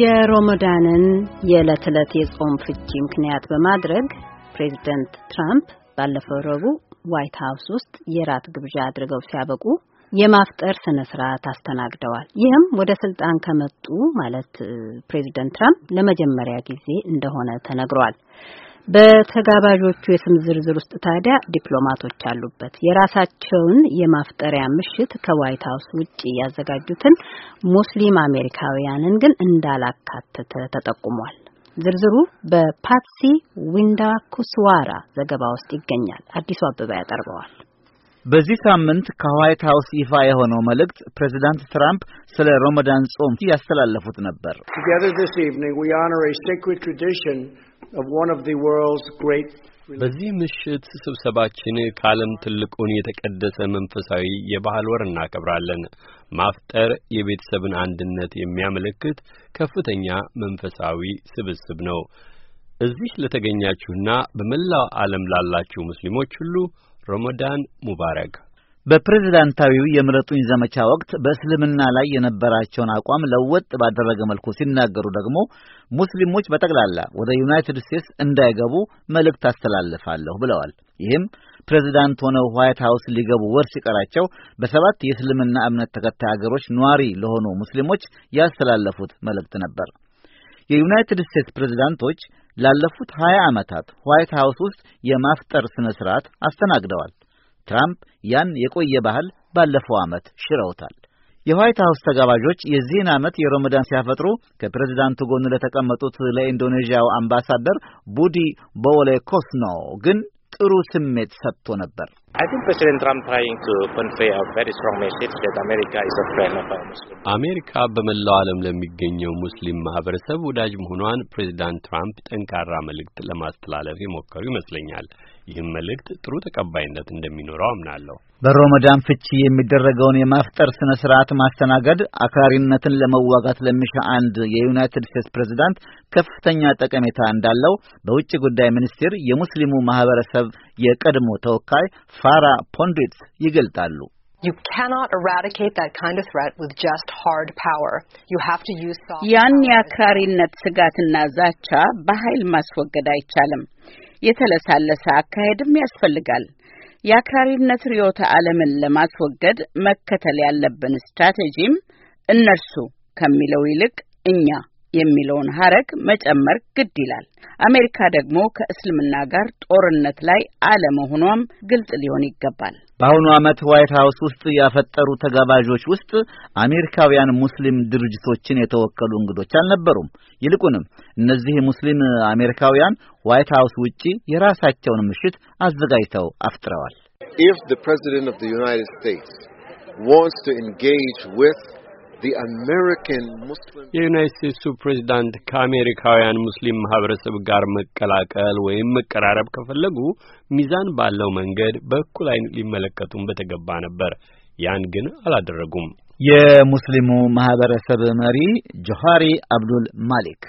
የሮመዳንን የዕለት ዕለት የጾም ፍቺ ምክንያት በማድረግ ፕሬዝደንት ትራምፕ ባለፈው ረቡዕ ዋይት ሀውስ ውስጥ የራት ግብዣ አድርገው ሲያበቁ የማፍጠር ስነ ስርዓት አስተናግደዋል። ይህም ወደ ስልጣን ከመጡ ማለት ፕሬዝደንት ትራምፕ ለመጀመሪያ ጊዜ እንደሆነ ተነግሯል። በተጋባዦቹ የስም ዝርዝር ውስጥ ታዲያ ዲፕሎማቶች አሉበት። የራሳቸውን የማፍጠሪያ ምሽት ከዋይት ሀውስ ውጪ ያዘጋጁትን ሙስሊም አሜሪካውያንን ግን እንዳላካተተ ተጠቁሟል። ዝርዝሩ በፓትሲ ዊንዳ ኩስዋራ ዘገባ ውስጥ ይገኛል። አዲሱ አበባ ያቀርበዋል። በዚህ ሳምንት ከዋይት ሀውስ ይፋ የሆነው መልእክት ፕሬዚዳንት ትራምፕ ስለ ሮመዳን ጾም ያስተላለፉት ነበር። በዚህ ምሽት ስብሰባችን ከዓለም ትልቁን የተቀደሰ መንፈሳዊ የባህል ወር እናከብራለን። ማፍጠር የቤተሰብን አንድነት የሚያመለክት ከፍተኛ መንፈሳዊ ስብስብ ነው። እዚህ ለተገኛችሁና በመላው ዓለም ላላችሁ ሙስሊሞች ሁሉ ሮሞዳን ሙባረክ በፕሬዝዳንታዊው የምረጡኝ ዘመቻ ወቅት በእስልምና ላይ የነበራቸውን አቋም ለወጥ ባደረገ መልኩ ሲናገሩ ደግሞ ሙስሊሞች በጠቅላላ ወደ ዩናይትድ ስቴትስ እንዳይገቡ መልእክት አስተላልፋለሁ ብለዋል። ይህም ፕሬዝዳንት ሆነው ዋይት ሀውስ ሊገቡ ወር ሲቀራቸው በሰባት የእስልምና እምነት ተከታይ አገሮች ነዋሪ ለሆኑ ሙስሊሞች ያስተላለፉት መልእክት ነበር። የዩናይትድ ስቴትስ ፕሬዝዳንቶች ላለፉት ሀያ ዓመታት ዋይት ሀውስ ውስጥ የማፍጠር ሥነ ሥርዓት አስተናግደዋል። ትራምፕ ያን የቆየ ባህል ባለፈው ዓመት ሽረውታል። የዋይት ሀውስ ተጋባዦች የዚህን ዓመት የሮመዳን ሲያፈጥሩ ከፕሬዚዳንቱ ጎን ለተቀመጡት ለኢንዶኔዥያው አምባሳደር ቡዲ ቦሌ ኮስኖ ግን ጥሩ ስሜት ሰጥቶ ነበር። አሜሪካ በመላው ዓለም ለሚገኘው ሙስሊም ማህበረሰብ ወዳጅ መሆኗን ፕሬዚዳንት ትራምፕ ጠንካራ መልእክት ለማስተላለፍ የሞከሩ ይመስለኛል። ይህም መልእክት ጥሩ ተቀባይነት እንደሚኖረው አምናለሁ። በረመዳን ፍቺ የሚደረገውን የማፍጠር ስነ ስርዓት ማስተናገድ አክራሪነትን ለመዋጋት ለሚሻ አንድ የዩናይትድ ስቴትስ ፕሬዝዳንት ከፍተኛ ጠቀሜታ እንዳለው በውጭ ጉዳይ ሚኒስቴር የሙስሊሙ ማህበረሰብ የቀድሞ ተወካይ ፋራ ፖንዲት ይገልጣሉ። ያን የአክራሪነት ስጋትና ዛቻ በኃይል ማስወገድ አይቻልም። የተለሳለሰ አካሄድም ያስፈልጋል። የአክራሪነት ርዕዮተ ዓለምን ለማስወገድ መከተል ያለብን ስትራቴጂም እነርሱ ከሚለው ይልቅ እኛ የሚለውን ሀረግ መጨመር ግድ ይላል። አሜሪካ ደግሞ ከእስልምና ጋር ጦርነት ላይ አለመሆኗም ግልጽ ሊሆን ይገባል። በአሁኑ ዓመት ዋይት ሀውስ ውስጥ ያፈጠሩ ተጋባዦች ውስጥ አሜሪካውያን ሙስሊም ድርጅቶችን የተወከሉ እንግዶች አልነበሩም። ይልቁንም እነዚህ ሙስሊም አሜሪካውያን ዋይት ሀውስ ውጪ የራሳቸውን ምሽት አዘጋጅተው አፍጥረዋል። ኢፍ the President of the የዩናይት ስቴትሱ ፕሬዚዳንት ከአሜሪካውያን ሙስሊም ማህበረሰብ ጋር መቀላቀል ወይም መቀራረብ ከፈለጉ ሚዛን ባለው መንገድ በእኩል ዓይን ሊመለከቱን በተገባ ነበር። ያን ግን አላደረጉም። የሙስሊሙ ማህበረሰብ መሪ ጆሃሪ አብዱል ማሊክ